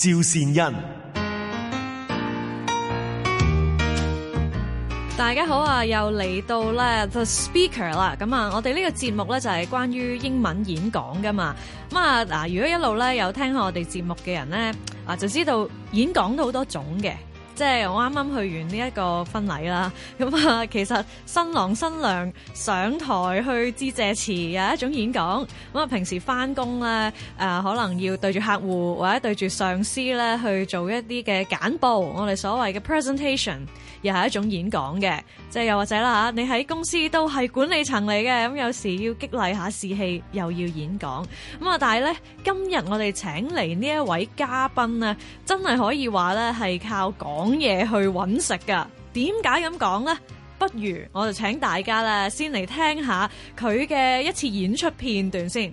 趙善恩，大家好啊！又嚟到咧，The Speaker 啦。咁啊，我哋呢個節目咧就係關於英文演講噶嘛。咁啊，嗱，如果一路咧有聽下我哋節目嘅人咧啊，就知道演講都好多種嘅。即係我啱啱去完呢一個婚禮啦，咁啊，其實新郎新娘上台去致謝詞，有一種演講，咁啊，平時翻工咧，誒、呃，可能要對住客戶或者對住上司咧，去做一啲嘅簡報，我哋所謂嘅 presentation。又係一種演講嘅，即係又或者啦吓，你喺公司都係管理層嚟嘅，咁有時要激勵下士氣，又要演講。咁啊，但係咧，今日我哋請嚟呢一位嘉賓啊，真係可以話咧係靠講嘢去揾食㗎。點解咁講咧？不如我就請大家咧先嚟聽下佢嘅一次演出片段先。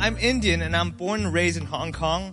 I'm Indian, and I'm born raised in Hong Kong.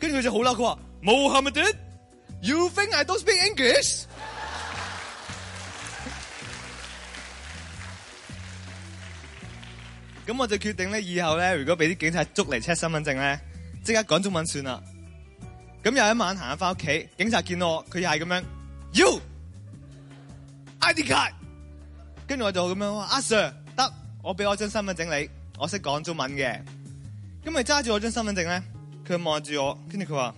跟住佢就好嬲，佢話：Mohamed，You think I don't speak English？咁 我就決定咧，以後咧，如果俾啲警察捉嚟 check 身份證咧，即刻講中文算啦。咁有一晚行翻屋企，警察見到我，佢又係咁樣 You，ID card。跟住我就咁樣話：阿、ah, Sir，得，我俾我張身份證你，我識講中文嘅。咁咪揸住我張身份證咧。佢望住我，跟住佢話：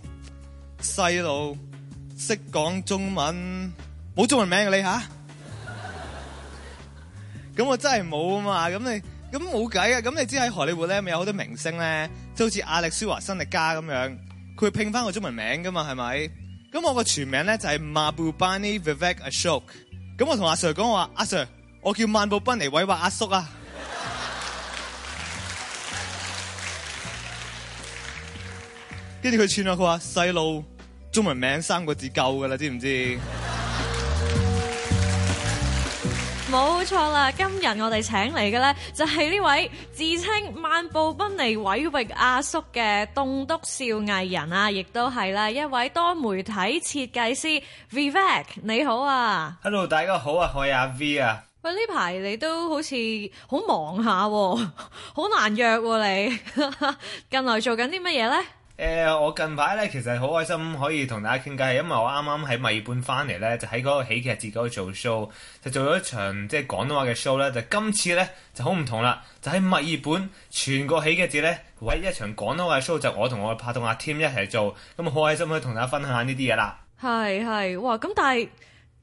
細路識講中文，冇中文名嘅你吓。咁 我真係冇啊嘛，咁你咁冇計嘅，咁、啊、你知喺荷里活咧咪有好多明星咧，就好似阿力舒華辛力加咁樣，佢拼翻個中文名噶嘛，係咪？咁我個全名咧就係、是、Mahbubani Vivek Ashok，、ok、咁我同阿 Sir 講話：阿 Sir，我叫萬布班尼偉華阿叔啊。跟住佢串啊，佢話，細路中文名三個字夠噶啦，知唔知？冇錯啦，今日我哋請嚟嘅咧就係呢位自稱漫步奔嚟偉域阿叔嘅棟篤笑藝人啊，亦都係啦一位多媒體設計師 Vivek，你好啊！Hello，大家好啊，我係阿 V 啊。喂，呢排你都好似好忙下，好難約、啊、你。 近來做緊啲乜嘢咧？誒、呃，我近排咧其實好開心可以同大家傾偈，因為我啱啱喺墨爾本翻嚟咧，就喺嗰個喜劇節嗰度做 show，就做咗一場即係廣東話嘅 show 咧。就今次咧就好唔同啦，就喺墨爾本全個喜劇節咧，唯一場廣東話嘅 show，就我同我拍檔阿 Tim 一齊做，咁好開心可以同大家分享下呢啲嘢啦。係係，， 哇！咁但係。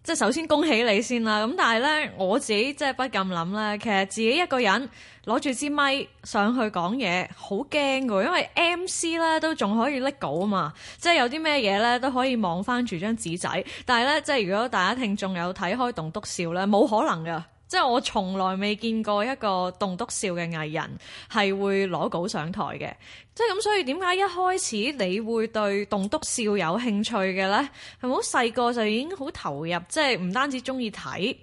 即係首先恭喜你先啦，咁但係咧我自己即係不禁諗咧，其實自己一個人攞住支咪上去講嘢，好驚㗎，因為 MC 咧都仲可以搦稿啊嘛，即係有啲咩嘢咧都可以望翻住張紙仔，但係咧即係如果大家聽眾有睇開棟篤笑咧，冇可能㗎。即係我從來未見過一個棟篤笑嘅藝人係會攞稿上台嘅。即係咁，所以點解一開始你會對棟篤笑有興趣嘅咧？係咪好細個就已經好投入？即係唔單止中意睇，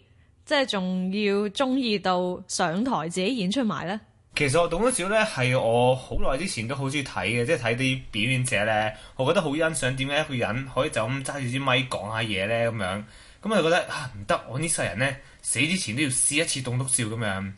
即係仲要中意到上台自己演出埋咧？其實我棟篤笑咧係我好耐之前都好中意睇嘅，即係睇啲表演者咧，我覺得好欣賞點解一個人可以就咁揸住支咪講下嘢咧，咁樣咁我就覺得啊，唔得，我呢世人咧。死之前都要試一次棟篤笑咁樣，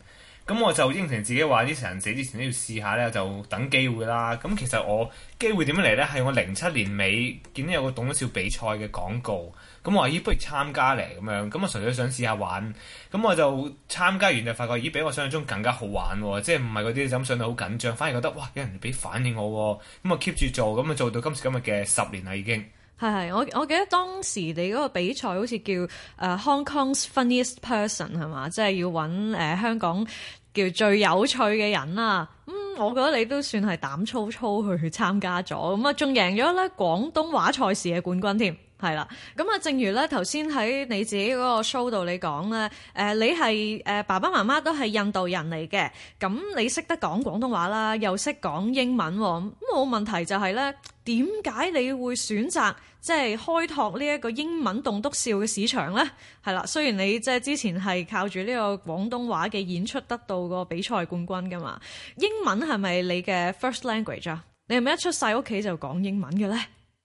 咁我就應承自己話啲成人死之前都要試下咧，就等機會啦。咁其實我機會點樣嚟咧？係我零七年尾見到有個棟篤笑比賽嘅廣告，咁我話咦不如參加嚟咁樣。咁我純粹想試下玩，咁我就參加完就發覺咦比我想像中更加好玩喎、哦！即係唔係嗰啲就咁上到好緊張，反而覺得哇有人俾反應我咁啊 keep 住做咁啊做到今時今日嘅十年啦已經。係係，我我記得當時你嗰個比賽好似叫誒、uh, Hong Kong's Funniest Person 係嘛？即係要揾、呃、香港叫最有趣嘅人啦、啊。咁、嗯、我覺得你都算係膽粗粗去參加咗，咁啊仲贏咗咧廣東話賽事嘅冠軍添。係啦，咁啊，正如咧頭先喺你自己嗰個 show 度你講咧，誒、呃、你係誒、呃、爸爸媽媽都係印度人嚟嘅，咁你識得講廣東話啦，又識講英文、哦，咁冇問題就係咧，點解你會選擇即係開拓呢一個英文棟篤笑嘅市場呢？係啦，雖然你即係之前係靠住呢個廣東話嘅演出得到個比賽冠軍噶嘛，英文係咪你嘅 first language 啊？你係咪一出世屋企就講英文嘅咧？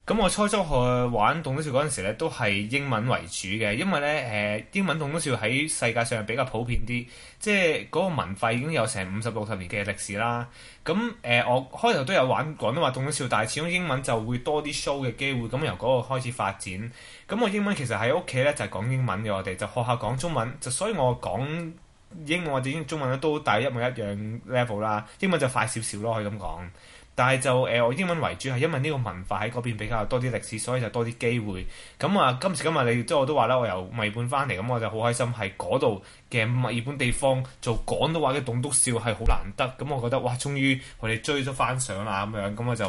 咁我初初去玩棟篤笑嗰陣時咧，都係英文為主嘅，因為咧誒、呃、英文棟篤笑喺世界上比較普遍啲，即係嗰個文化已經有成五十六十年嘅歷史啦。咁、嗯、誒、呃、我開頭都有玩廣東話棟篤笑，但係始終英文就會多啲 show 嘅機會，咁、嗯、由嗰個開始發展。咁、嗯、我英文其實喺屋企咧就係、是、講英文嘅，我哋就學校講中文，就所以我講英文我哋英中文都大一模一樣 level 啦。英文就快少少咯，可以咁講。但係就誒、呃，我英文為主係因為呢個文化喺嗰邊比較多啲歷史，所以就多啲機會。咁啊，今時今日你即係我都話啦，我由墨爾本翻嚟，咁我就好開心，係嗰度嘅墨爾本地方做廣東話嘅棟篤笑係好難得。咁我覺得哇，終於我哋追咗翻上啦咁樣。咁我就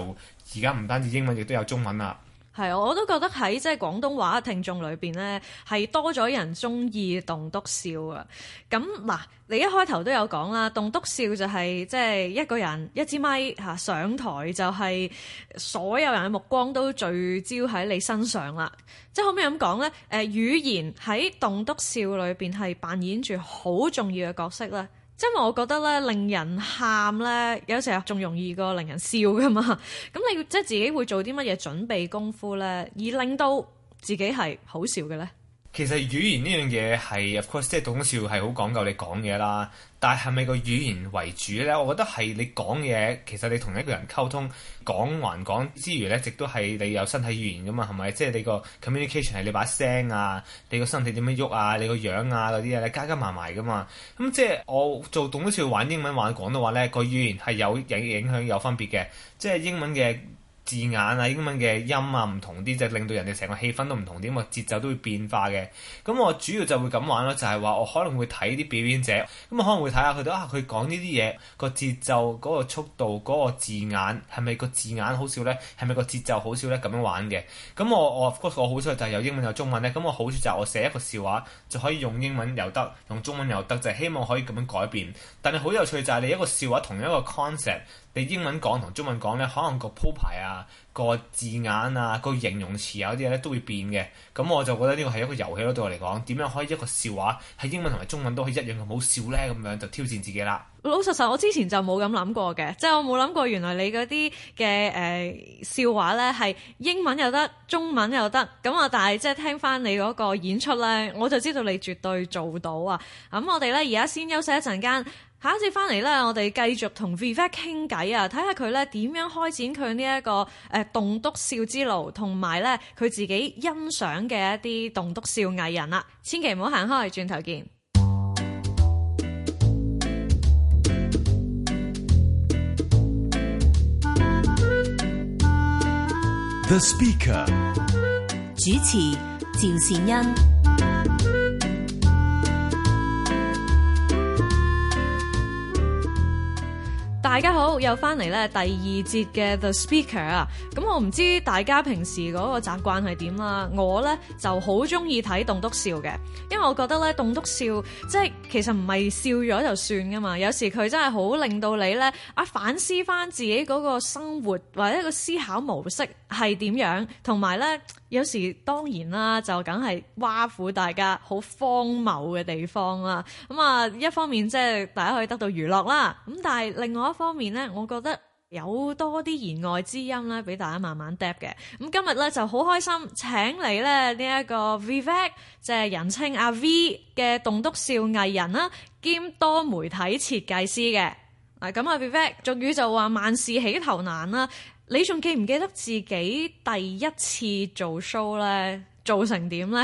而家唔單止英文，亦都有中文啦。係，我都覺得喺即係廣東話聽眾裏邊呢係多咗人中意棟篤笑啊！咁嗱，你一開頭都有講啦，棟篤笑就係即係一個人一支咪嚇上台就係、是，所有人嘅目光都聚焦喺你身上啦。即係可唔可以咁講呢，誒語言喺棟篤笑裏邊係扮演住好重要嘅角色呢？即係我覺得咧，令人喊咧，有時候仲容易過令人笑㗎嘛。咁你要即係自己會做啲乜嘢準備功夫咧，而令到自己係好笑嘅咧？其實語言呢樣嘢係，of course，即係棟篤笑係好講究你講嘢啦。但係係咪個語言為主咧？我覺得係你講嘢，其實你同一個人溝通講還講之餘咧，直都係你有身體語言噶嘛，係咪？即係你個 communication 係你把聲啊，你個身體點樣喐啊，你個樣啊，嗰啲嘢你加加埋埋噶嘛。咁即係我做棟篤笑玩英文玩廣東話咧，個語言係有影影響有分別嘅。即係英文嘅。字眼啊，英文嘅音啊，唔同啲就令到人哋成個氣氛都唔同啲，咁啊節奏都會變化嘅。咁我主要就會咁玩咯，就係話我可能會睇啲表演者，咁我可能會睇下佢哋啊佢講呢啲嘢，個節奏、個速度、個字眼係咪個字眼好笑咧？係咪個節奏好笑咧？咁樣玩嘅。咁我 course, 我個好處就係有英文有中文咧。咁我好處就係我寫一個笑話就可以用英文又得，用中文又得，就係希望可以咁樣改變。但係好有趣就係你一個笑話同一個 concept，你英文講同中文講咧，可能個鋪排啊～個、啊、字眼啊，啊個形容詞啊嗰啲嘢咧都會變嘅，咁我就覺得呢個係一個遊戲咯。對我嚟講，點樣可以一個笑話喺英文同埋中文都可以一樣咁好笑咧？咁樣就挑戰自己啦。老實實，我之前就冇咁諗過嘅，即係我冇諗過原來你嗰啲嘅誒笑話咧係英文又得，中文又得，咁啊，但係即係聽翻你嗰個演出咧，我就知道你絕對做到啊！咁我哋咧而家先休息一陣間。下一節翻嚟咧，我哋繼續同 Vivek 傾偈啊，睇下佢咧點樣開展佢呢一個誒棟篤笑之路，同埋咧佢自己欣賞嘅一啲棟篤笑藝人啦。千祈唔好行開，轉頭見。The Speaker 主持趙善恩。大家好，又翻嚟咧第二節嘅 The Speaker 啊，咁、嗯、我唔知大家平時嗰個習慣係點啦，我咧就好中意睇棟篤笑嘅，因為我覺得咧棟篤笑即係其實唔係笑咗就算噶嘛，有時佢真係好令到你咧啊反思翻自己嗰個生活或者一個思考模式。係點樣？同埋咧，有時當然啦，就梗係挖苦大家好荒謬嘅地方啦。咁、嗯、啊，一方面即係大家可以得到娛樂啦。咁但係另外一方面咧，我覺得有多啲言外之音咧，俾大家慢慢嗒嘅。咁、嗯、今日咧就好開心請，請嚟咧呢一個 Vivek 即係人稱阿 V 嘅棟篤笑藝人啦，兼多媒體設計師嘅。嗱、嗯，咁阿 Vivek 俗語就話萬事起頭難啦、啊。你仲記唔記得自己第一次做 show 咧，做成點咧？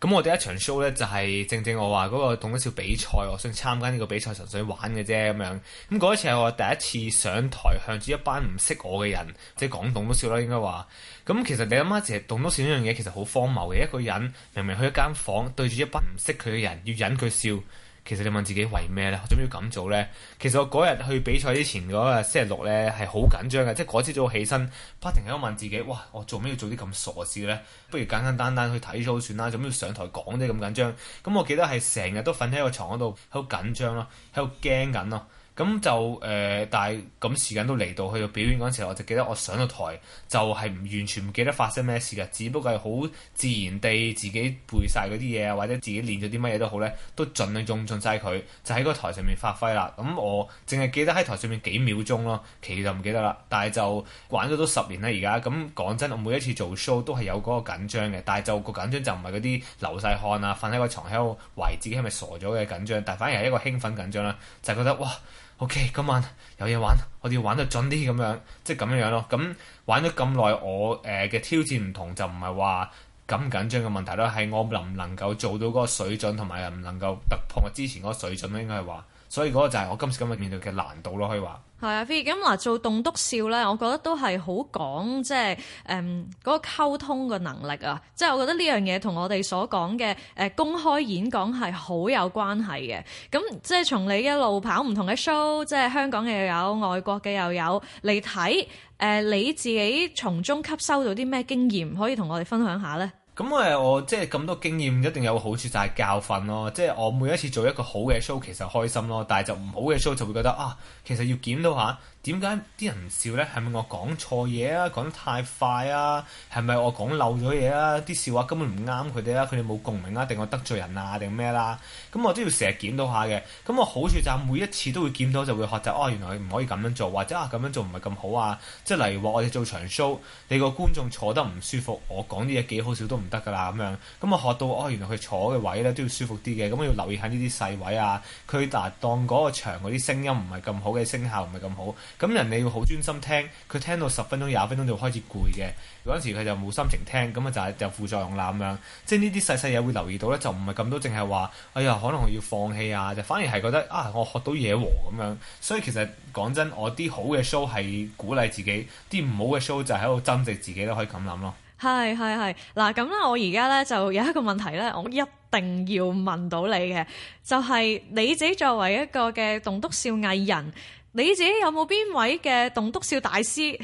咁我第一場 show 咧就係、是、正正我話嗰、那個棟篤笑比賽，我想參加呢個比賽純粹玩嘅啫。咁樣咁嗰、那個、一次係我第一次上台向住一班唔識我嘅人，即係講棟篤笑啦，應該話咁。其實你阿媽其實棟篤笑呢樣嘢其實好荒謬嘅，一個人明明去一間房間對住一班唔識佢嘅人要引佢笑。其實你問自己為咩咧？做咩要咁做咧？其實我嗰日去比賽之前嗰個星期六咧係好緊張嘅，即係嗰朝早上起身不停喺度問自己：哇！我做咩要做啲咁傻事咧？不如簡簡單單，單單去睇數算啦，做咩要上台講啫咁緊張？咁、嗯、我記得係成日都瞓喺個床嗰度，喺度緊張咯，喺度驚緊咯。咁就誒、呃，但係咁時間都嚟到去到表演嗰陣時，我就記得我上到台就係、唔、完全唔記得發生咩事嘅，只不過係好自然地自己背晒嗰啲嘢啊，或者自己練咗啲乜嘢都好咧，都盡量用盡晒。佢，就喺個台上面發揮啦。咁我淨係記得喺台上面幾秒鐘咯，其實就唔記得啦。但係就玩咗都十年啦，而家咁講真，我每一次做 show 都係有嗰個緊張嘅，但係就、個緊張就唔係嗰啲流晒汗啊、瞓喺個床喺度懷疑自己係咪傻咗嘅緊張，但反而係一個興奮緊張啦，就係覺得哇！OK，今晚有嘢玩，我哋要玩得準啲咁樣，即係咁樣樣咯。咁玩咗咁耐，我誒嘅、呃、挑戰唔同，就唔係話咁緊張嘅問題啦。係我能唔能夠做到嗰個水準，同埋又唔能夠突破我之前嗰個水準咧，應該係話。所以嗰個就係我今次今日面對嘅難度咯，可以話。係啊，菲，咁嗱做棟篤笑咧，我覺得都係好講，即係誒嗰個溝通嘅能力啊，即係我覺得呢樣嘢同我哋所講嘅誒公開演講係好有關係嘅。咁即係從你一路跑唔同嘅 show，即係香港嘅又有，外國嘅又有嚟睇誒，你自己從中吸收到啲咩經驗，可以同我哋分享下咧？咁誒，我即係咁多經驗，一定有個好處就係、是、教訓咯。即係我每一次做一個好嘅 show，其實開心咯。但係就唔好嘅 show 就會覺得啊，其實要檢討下點解啲人唔笑咧？係咪我講錯嘢啊？講得太快啊？係咪我講漏咗嘢啊？啲笑話根本唔啱佢哋啊？佢哋冇共鳴啊？定我得罪人啊？定咩啦？咁我都要成日檢討下嘅。咁我好處就係每一次都會檢討，就會學習。哦、啊，原來佢唔可以咁樣做，或者啊咁樣做唔係咁好啊。即係例如話我哋做長 show，你個觀眾坐得唔舒服，我講啲嘢幾好笑都唔～得噶啦，咁樣咁啊學到哦，原來佢坐嘅位咧都要舒服啲嘅，咁、嗯、要留意下呢啲細位啊。佢嗱當嗰個場嗰啲聲音唔係咁好嘅聲效唔係咁好，咁人哋要好專心聽，佢聽到十分鐘、廿分鐘就會開始攰嘅。嗰陣時佢就冇心情聽，咁、嗯、啊就係有副作用啦咁樣。即係呢啲細細嘢會留意到咧，就唔係咁多，淨係話哎呀可能我要放棄啊，就反而係覺得啊我學到嘢喎咁樣。所以其實講真，我啲好嘅 show 係鼓勵自己，啲唔好嘅 show 就喺度增值自己都可以咁諗咯。係係係嗱，咁咧我而家咧就有一個問題咧，我一定要問到你嘅，就係你自己作為一個嘅棟篤笑藝人，你自己有冇邊位嘅棟篤笑大師，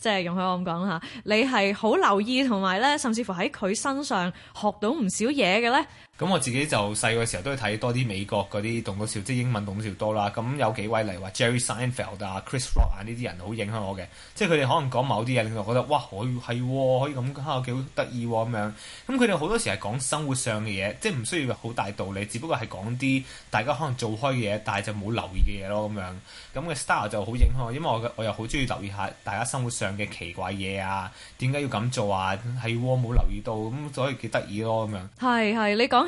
即係容許我咁講吓，你係好留意同埋咧，甚至乎喺佢身上學到唔少嘢嘅咧？咁我自己就細個嘅時候都睇多啲美國嗰啲棟篤笑，即係英文棟篤笑多啦。咁、嗯、有幾位例如話 Jerry Seinfeld 啊、Chris Rock 啊呢啲人好影響我嘅，即係佢哋可能講某啲嘢令我覺得哇，可以係可以咁嚇幾好得意喎咁樣。咁佢哋好多時係講生活上嘅嘢，即係唔需要好大道理，只不過係講啲大家可能做開嘅嘢，但係就冇留意嘅嘢咯咁樣。咁嘅 style 就好影響我，因為我我又好中意留意下大家生活上嘅奇怪嘢啊，點解要咁做啊？係喎，冇留意到，咁所以幾得意咯咁樣。係係，你講。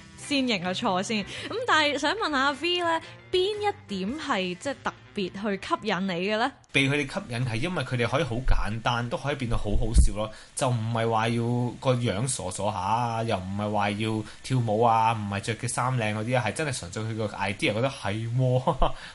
先認個錯先，咁但係想問下 V 咧，邊一點係即係特別去吸引你嘅咧？被佢哋吸引係因為佢哋可以好簡單，都可以變到好好笑咯，就唔係話要個樣傻傻下，又唔係話要跳舞啊，唔係着嘅衫靚嗰啲啊，係真係純粹佢個 idea 覺得係，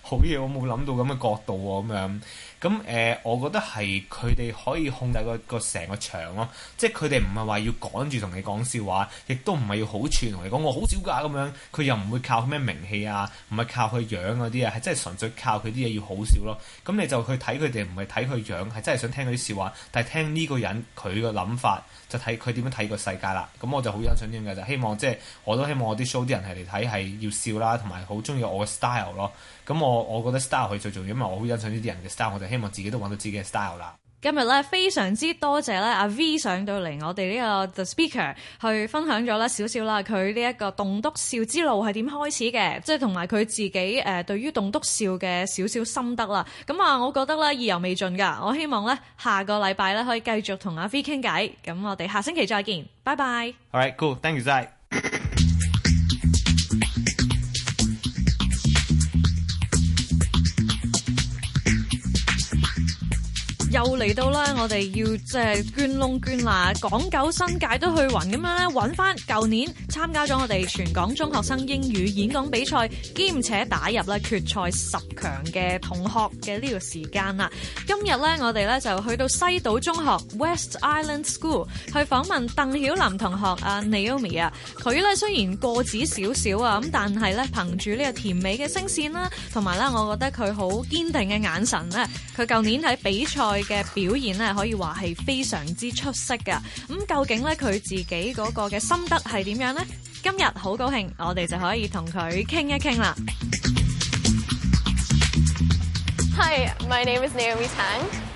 好嘢我冇諗到咁嘅角度喎，咁樣。咁誒、嗯，我覺得係佢哋可以控制個成個場咯，即係佢哋唔係話要趕住同你講笑話，亦都唔係要好串同你講我好少㗎咁樣，佢又唔會靠咩名氣啊，唔係靠佢樣啲啊，係真係純粹靠佢啲嘢要好笑咯。咁、嗯、你就去睇佢哋，唔係睇佢樣，係真係想聽佢啲笑話，但係聽呢個人佢嘅諗法，就睇佢點樣睇個世界啦。咁我就好欣賞呢樣嘢就，希望即係我都希望我啲 show 啲人係嚟睇係要笑啦，同埋好中意我嘅 style 咯。咁、嗯、我我覺得 style 佢最重要，因為我好欣賞呢啲人嘅 style，我就希。希望自己都揾到自己嘅 style 啦。今日咧，非常之多謝咧阿 V 上到嚟我哋呢個 The Speaker 去分享咗啦。少少啦，佢呢一點點個棟篤笑之路係點開始嘅，即係同埋佢自己誒對於棟篤笑嘅少少心得啦。咁啊，我覺得咧意猶未盡噶我希望咧下個禮拜咧可以繼續同阿 V 傾偈。咁我哋下星期再見，拜拜。Alright, cool. Thanks, Zai. 又嚟到啦，我哋要即係捐窿捐罅，港九新界都去勻咁樣咧，揾翻舊年參加咗我哋全港中學生英語演講比賽，兼且打入咧決賽十強嘅同學嘅呢個時間啦。今日咧，我哋咧就去到西島中學 （West Island School） 去訪問鄧曉琳同學啊，Naomi 啊，佢咧雖然個子少少啊，咁但係咧憑住呢個甜美嘅聲線啦，同埋咧，我覺得佢好堅定嘅眼神咧，佢舊年喺比賽。佢嘅表演咧，可以話係非常之出色噶。咁究竟咧，佢自己嗰個嘅心得係點樣呢？今日好高興，我哋就可以同佢傾一傾啦。Hi, my name is Naomi Tang.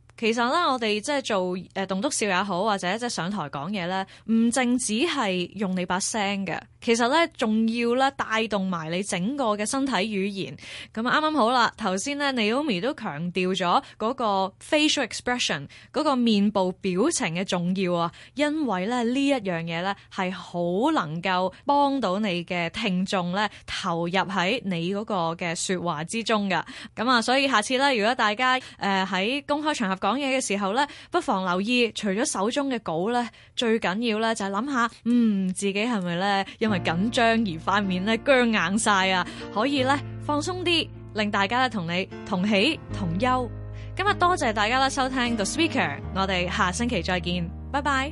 其實咧，我哋即係做誒棟篤笑也好，或者即係上台講嘢咧，唔淨止係用你把聲嘅，其實咧仲要咧帶動埋你整個嘅身體語言。咁啱啱好啦，頭先咧你 o 都強調咗嗰個 facial expression，嗰個面部表情嘅重要啊，因為咧呢一樣嘢咧係好能夠幫到你嘅聽眾咧投入喺你嗰個嘅説話之中嘅。咁啊，所以下次咧，如果大家誒喺、呃、公開場合講嘢嘅時候呢，不妨留意，除咗手中嘅稿呢，最緊要呢就係諗下，嗯，自己係咪呢因為緊張而塊面呢僵硬晒啊？可以呢放鬆啲，令大家呢同你同喜同憂。今日多謝大家呢收聽 The Speaker，我哋下星期再見，拜拜。